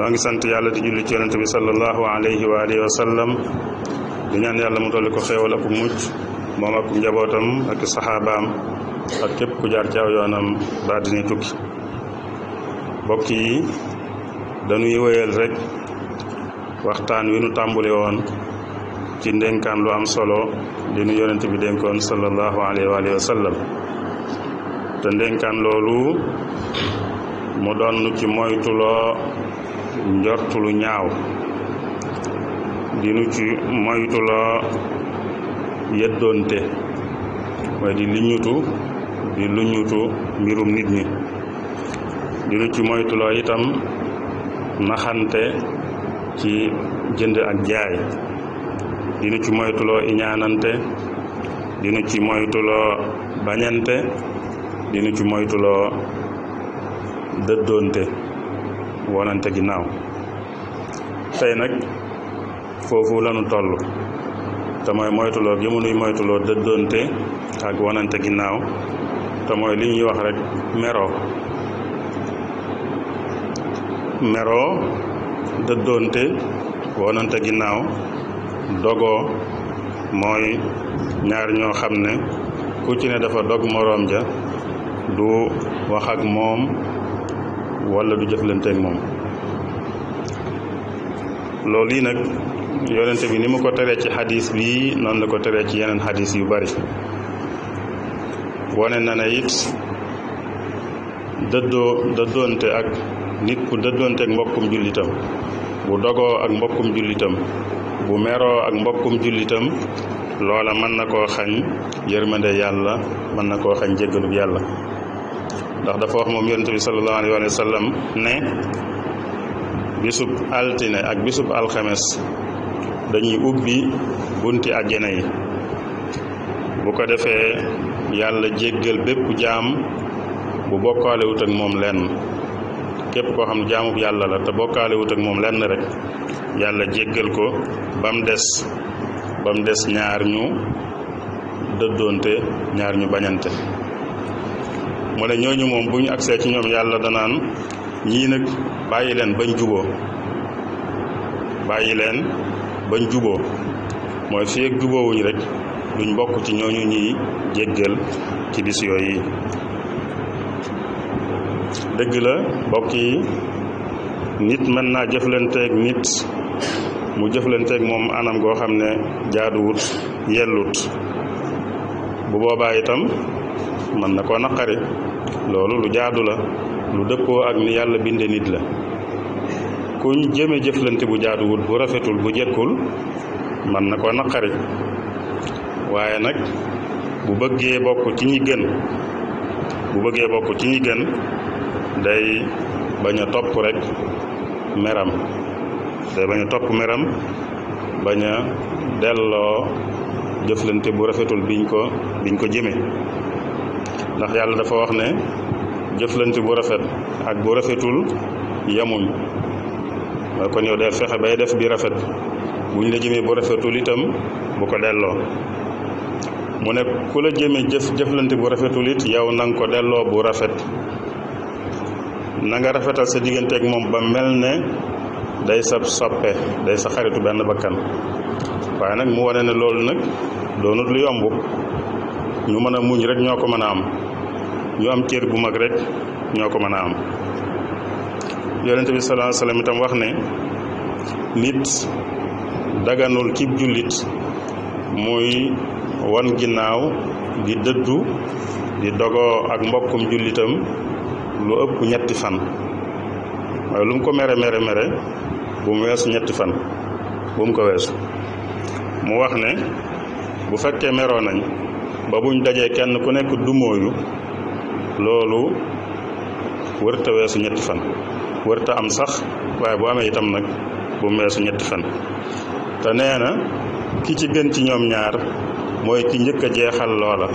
noo ngi sant yàlla di julli ci yonente bi sallallahu alayhi wa alihi wa sallam di ñaan yàlla mu dolli ko xéewal ak mucc moom ak njabootam ak saxaabaam ak képp ku jaar ci aw yoonam ba dina tukki mbokk yi dañuy wéyal rek waxtaan wi nu tàmbali woon ci ndénkaan lu am solo li nu yonente bi dénkoon sallallahu alayhi wa alihi wa sallam te ndénkaan loolu mu doon ci moytuloo njort lu ñaaw dinu ci moytuloo la yeddoonte waaye di liñutu di luñutu mbirum nit ñi dinu ci moytuloo itam naxante ci jënd ak jaay dinu ci moytuloo iñaanante dinu ci moytuloo bañante dinu ci moytuloo dëddoonte wonante ginnaaw tey nag foofu lanu toll te mooy moytuloo gi mu nuy moytuloo dëddoonte ak wonante ginnaaw te mooy li ñuy wax rek meroo meroo dëddoonte wonante ginnaaw dogoo mooy ñaar ñoo xam ne ku ci ne dafa dog moroom ja du wax ak moom wala du jëflanteeg moom loolu yi nag yonente bi ni mu ko teree ci xadis bi noonu la ko teree ci yeneen xadis yu bari wone na ne it dëddoo dëddoonte ak nit ku dëddoonte ak mbokkum jullitam bu dogoo ak mbokkum jullitam bu meroo ak mbokkum jullitam loola mën na koo xañ yërmande yàlla mën na koo xañ jéggalub yàlla ndax dafa wax moom yonente bi salallahu alayhi wa sallam ne bisub altine ak bisub alxames dañuy ubbi bunti àjjana yi bu ko defee yàlla jéggal bépp jaam bu bokkaalewut ak moom lenn képp koo xam ne jaamub yàlla la te bokkaalewut ak moom lenn rek yàlla jéggal ko ba mu des ba mu des ñaar ñu dëddoonte ñaar ñu bañante mu ne ñooñu moom bu ñu agsee ci ñoom yàlla danaan ñii nag bàyyi leen bañ juboo bàyyi leen bañ juboo mooy fii ak juboowuñ rek duñ bokk ci ñu ñuy jéggal ci bis yi dëgg la bokk yi nit mën naa jëflanteeg nit mu jëflanteeg moom anam goo xam ne jaaduwut yellut bu boobaa itam mën na koo naqari loolu lu jaadu la lu dëppoo ak ni yàlla binde nit la kuñ jëme jëflante bu jaaduwul bu rafetul bu jekkul mën na koo naqari waaye nag bu bëggee bokk ci ñi gën bu bëggee bokk ci ñi gën day bañ a topp rekk meram day bañ a topp meram bañ a delloo jëflante bu rafetul biñ ko biñ ko jëme ndax yàlla dafa wax ne jëflante bu rafet ak bu rafetul yamuñ kon yow de fexe bay def bi rafet buñ la jëmee bu rafetul itam bu ko delloo mu ne ku la jëmee jëf jëflante bu rafetul it yow nang ko delloo bu rafet na nga rafetal sa diggante digganteeg moom ba mel ne day sa soppe day sa xaritu benn bakkan waaye nag mu wane ne loolu nag doonut lu yomb ñu mën a muñ rek ñoo ko mën a am yu am cër bu mag rek ñoo ko mën a am yonente bi salaa sallam itam wax ne nit daganul jullit muy wan ginnaaw di dëddu di dogoo ak mbokkum jullitam lu ëpp ñetti fan waaye lu mu ko mere mere mere bu mu weesu ñetti fan bu mu ko weesu mu wax ne bu fekkee meroo nañ ba buñ dajee kenn ku nekk dumooyu loolu wërta weesu ñetti fan wërta am sax waaye bu amee itam nag bu weesu ñetti fan te nee na ki ci gën ci ñoom ñaar mooy ki njëkk a jeexal loola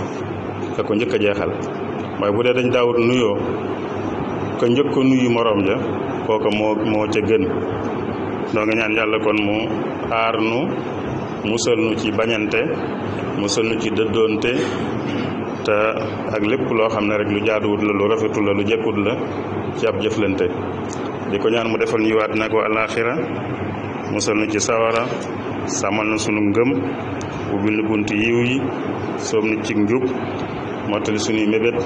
ka ko njëkk a jeexal mooy bu dee dañ daawut nuyoo ka njëkk ko nuyu moroom ja kooka moo moo ca gën doo nga ñaan yàlla kon mu aar nu musal nu ci bañante musal nu ci dëddoonte te ak lépp loo xam ne rek lu jaaduwut la lu rafetu la lu jëkkut la ci ab jëflante di ko ñaan mu defal ñuy waat na ko alaaxira musal na ci sawara sàmmal na sunu ngëm ubbil nu bunt yiw yi soom nu ci njub mottali sunuy mébét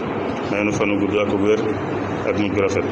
may nu fanu gudd ak wér ak mujj rafet